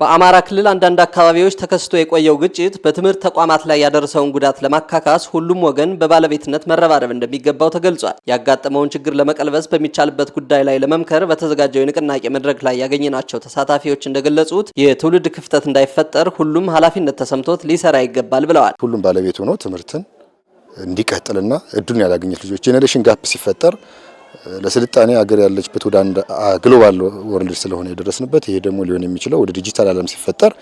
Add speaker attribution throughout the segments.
Speaker 1: በአማራ ክልል አንዳንድ አካባቢዎች ተከስቶ የቆየው ግጭት በትምህርት ተቋማት ላይ ያደረሰውን ጉዳት ለማካካስ ሁሉም ወገን በባለቤትነት መረባረብ እንደሚገባው ተገልጿል። ያጋጠመውን ችግር ለመቀልበስ በሚቻልበት ጉዳይ ላይ ለመምከር በተዘጋጀው የንቅናቄ መድረክ ላይ ያገኘናቸው ተሳታፊዎች እንደገለጹት የትውልድ ክፍተት እንዳይፈጠር ሁሉም ኃላፊነት ተሰምቶት ሊሰራ ይገባል ብለዋል።
Speaker 2: ሁሉም ባለቤት ሆኖ ትምህርትን እንዲቀጥልና እድሉን ያላገኘት ልጆች ጄኔሬሽን ጋፕ ሲፈጠር ለስልጣኔ አገር ያለችበት ወደ አንድ ግሎባል ወርልድ ስለሆነ የደረስንበት ይሄ ደግሞ ሊሆን የሚችለው ወደ ዲጂታል ዓለም ሲፈጠር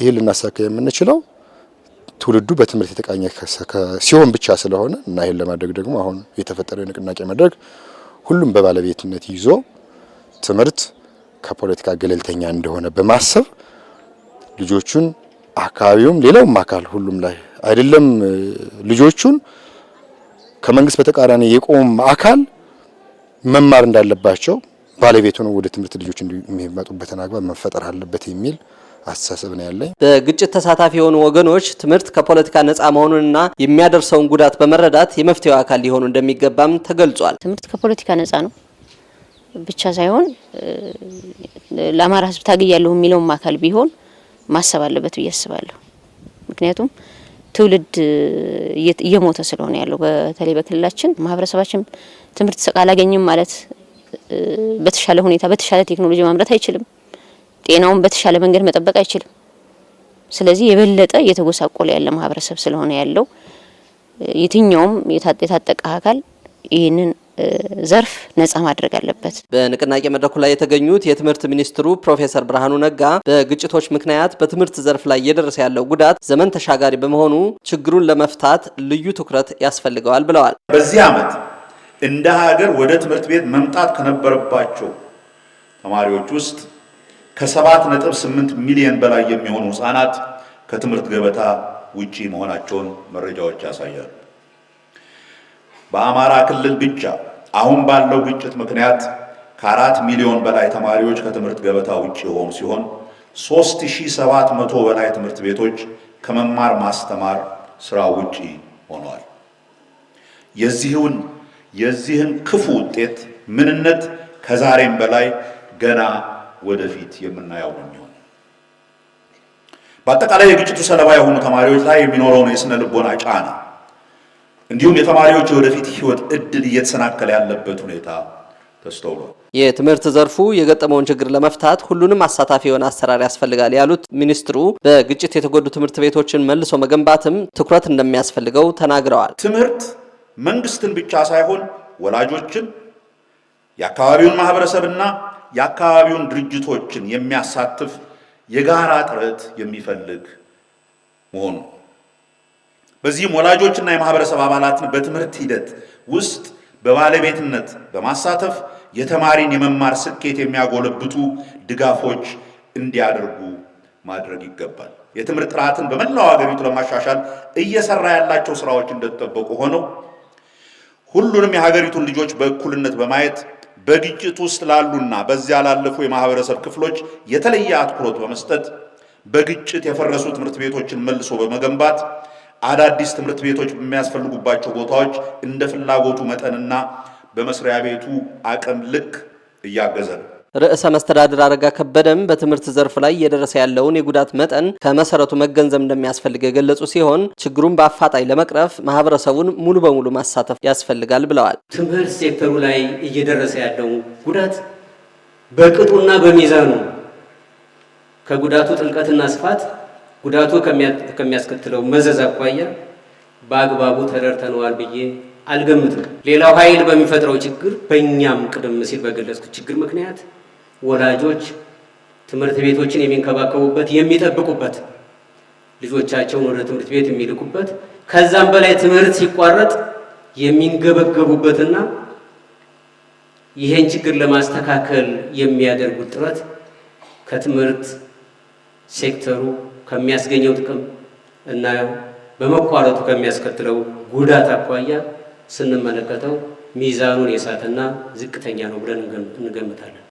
Speaker 2: ይሄ ልናሳካ የምንችለው ትውልዱ በትምህርት የተቃኘ ሲሆን ብቻ ስለሆነ እና ይሄን ለማድረግ ደግሞ አሁን የተፈጠረው የንቅናቄ መድረክ ሁሉም በባለቤትነት ይዞ ትምህርት ከፖለቲካ ገለልተኛ እንደሆነ በማሰብ ልጆቹን አካባቢውም ሌላውም አካል ሁሉም ላይ አይደለም ልጆቹን ከመንግስት በተቃራኒ የቆመም አካል መማር እንዳለባቸው ባለቤቱ ነው ወደ ትምህርት ልጆች የሚመጡበትን አግባብ መፈጠር አለበት የሚል አስተሳሰብ ነው ያለኝ።
Speaker 1: በግጭት ተሳታፊ የሆኑ ወገኖች ትምህርት ከፖለቲካ ነፃ መሆኑንና የሚያደርሰውን ጉዳት በመረዳት የመፍትሄው አካል ሊሆኑ እንደሚገባም ተገልጿል።
Speaker 3: ትምህርት ከፖለቲካ ነፃ ነው ብቻ ሳይሆን ለአማራ ሕዝብ ታግያለሁ የሚለውም አካል ቢሆን ማሰብ አለበት ብዬ አስባለሁ። ምክንያቱም ትውልድ እየሞተ ስለሆነ ያለው በተለይ በክልላችን ማህበረሰባችን ትምህርት አላገኝም ማለት በተሻለ ሁኔታ በተሻለ ቴክኖሎጂ ማምረት አይችልም። ጤናውን በተሻለ መንገድ መጠበቅ አይችልም። ስለዚህ የበለጠ እየተጎሳቆለ ያለ ማህበረሰብ ስለሆነ ያለው የትኛውም የታጠቀ አካል ይህንን ዘርፍ ነጻ ማድረግ አለበት።
Speaker 1: በንቅናቄ መድረኩ ላይ የተገኙት የትምህርት ሚኒስትሩ ፕሮፌሰር ብርሃኑ ነጋ በግጭቶች ምክንያት በትምህርት ዘርፍ ላይ እየደረሰ ያለው ጉዳት ዘመን ተሻጋሪ በመሆኑ ችግሩን ለመፍታት ልዩ ትኩረት ያስፈልገዋል ብለዋል።
Speaker 4: በዚህ ዓመት እንደ ሀገር ወደ ትምህርት ቤት መምጣት ከነበረባቸው ተማሪዎች ውስጥ ከሰባት ነጥብ ስምንት ሚሊዮን በላይ የሚሆኑ ህጻናት ከትምህርት ገበታ ውጪ መሆናቸውን መረጃዎች ያሳያሉ። በአማራ ክልል ብቻ አሁን ባለው ግጭት ምክንያት ከአራት ሚሊዮን በላይ ተማሪዎች ከትምህርት ገበታ ውጭ የሆኑ ሲሆን 3700 በላይ ትምህርት ቤቶች ከመማር ማስተማር ስራ ውጪ ሆኗል። የዚህውን የዚህን ክፉ ውጤት ምንነት ከዛሬም በላይ ገና ወደፊት የምናየው ነው የሚሆን። በአጠቃላይ የግጭቱ ሰለባ የሆኑ ተማሪዎች ላይ የሚኖረውን የስነ ልቦና ጫና እንዲሁም የተማሪዎች የወደፊት ህይወት እድል እየተሰናከለ ያለበት ሁኔታ ተስተውሏል።
Speaker 1: የትምህርት ዘርፉ የገጠመውን ችግር ለመፍታት ሁሉንም አሳታፊ የሆነ አሰራር ያስፈልጋል ያሉት ሚኒስትሩ በግጭት የተጎዱ ትምህርት ቤቶችን መልሶ መገንባትም ትኩረት እንደሚያስፈልገው ተናግረዋል።
Speaker 4: ትምህርት መንግስትን ብቻ ሳይሆን ወላጆችን፣ የአካባቢውን ማህበረሰብና የአካባቢውን ድርጅቶችን የሚያሳትፍ የጋራ ጥረት የሚፈልግ መሆኑ በዚህም ወላጆችና የማህበረሰብ አባላትን በትምህርት ሂደት ውስጥ በባለቤትነት በማሳተፍ የተማሪን የመማር ስኬት የሚያጎለብቱ ድጋፎች እንዲያደርጉ ማድረግ ይገባል። የትምህርት ጥራትን በመላው ሀገሪቱ ለማሻሻል እየሰራ ያላቸው ስራዎች እንደተጠበቁ ሆነው ሁሉንም የሀገሪቱን ልጆች በእኩልነት በማየት በግጭት ውስጥ ላሉና በዚያ ላለፉ የማህበረሰብ ክፍሎች የተለየ አትኩሮት በመስጠት በግጭት የፈረሱ ትምህርት ቤቶችን መልሶ በመገንባት አዳዲስ ትምህርት ቤቶች በሚያስፈልጉባቸው ቦታዎች እንደ ፍላጎቱ መጠንና በመስሪያ ቤቱ አቅም ልክ እያገዘ ነው።
Speaker 1: ርዕሰ መስተዳድር አረጋ ከበደም በትምህርት ዘርፍ ላይ እየደረሰ ያለውን የጉዳት መጠን ከመሰረቱ መገንዘብ እንደሚያስፈልግ የገለጹ ሲሆን ችግሩን በአፋጣኝ ለመቅረፍ ማህበረሰቡን ሙሉ በሙሉ ማሳተፍ ያስፈልጋል ብለዋል።
Speaker 5: ትምህርት ሴክተሩ ላይ እየደረሰ ያለው ጉዳት በቅጡና በሚዛኑ ከጉዳቱ ጥልቀትና ስፋት ጉዳቱ ከሚያስከትለው መዘዝ አኳያ በአግባቡ ተረድተነዋል ብዬ አልገምትም። ሌላው ኃይል በሚፈጥረው ችግር በእኛም ቅድም ሲል በገለጽኩት ችግር ምክንያት ወላጆች ትምህርት ቤቶችን የሚንከባከቡበት የሚጠብቁበት፣ ልጆቻቸውን ወደ ትምህርት ቤት የሚልኩበት ከዛም በላይ ትምህርት ሲቋረጥ የሚንገበገቡበትና ይህን ችግር ለማስተካከል የሚያደርጉት ጥረት ከትምህርት ሴክተሩ ከሚያስገኘው ጥቅም እና በመቋረጡ ከሚያስከትለው ጉዳት አኳያ ስንመለከተው ሚዛኑን የሳተና ዝቅተኛ ነው ብለን እንገምታለን።